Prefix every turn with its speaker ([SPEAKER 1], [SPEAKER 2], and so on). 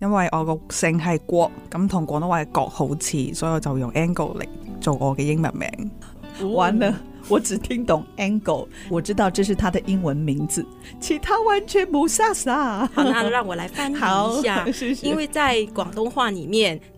[SPEAKER 1] 因為我個姓係郭，咁同廣東話嘅郭好似，所以我就用 Angle 嚟做我嘅英文名。
[SPEAKER 2] 嗯。完了，我只聽懂 Angle，我知道這是他的英文名字，其他完全唔識啦。好，那讓我來翻譯一下，因為
[SPEAKER 3] 在廣東話裏面。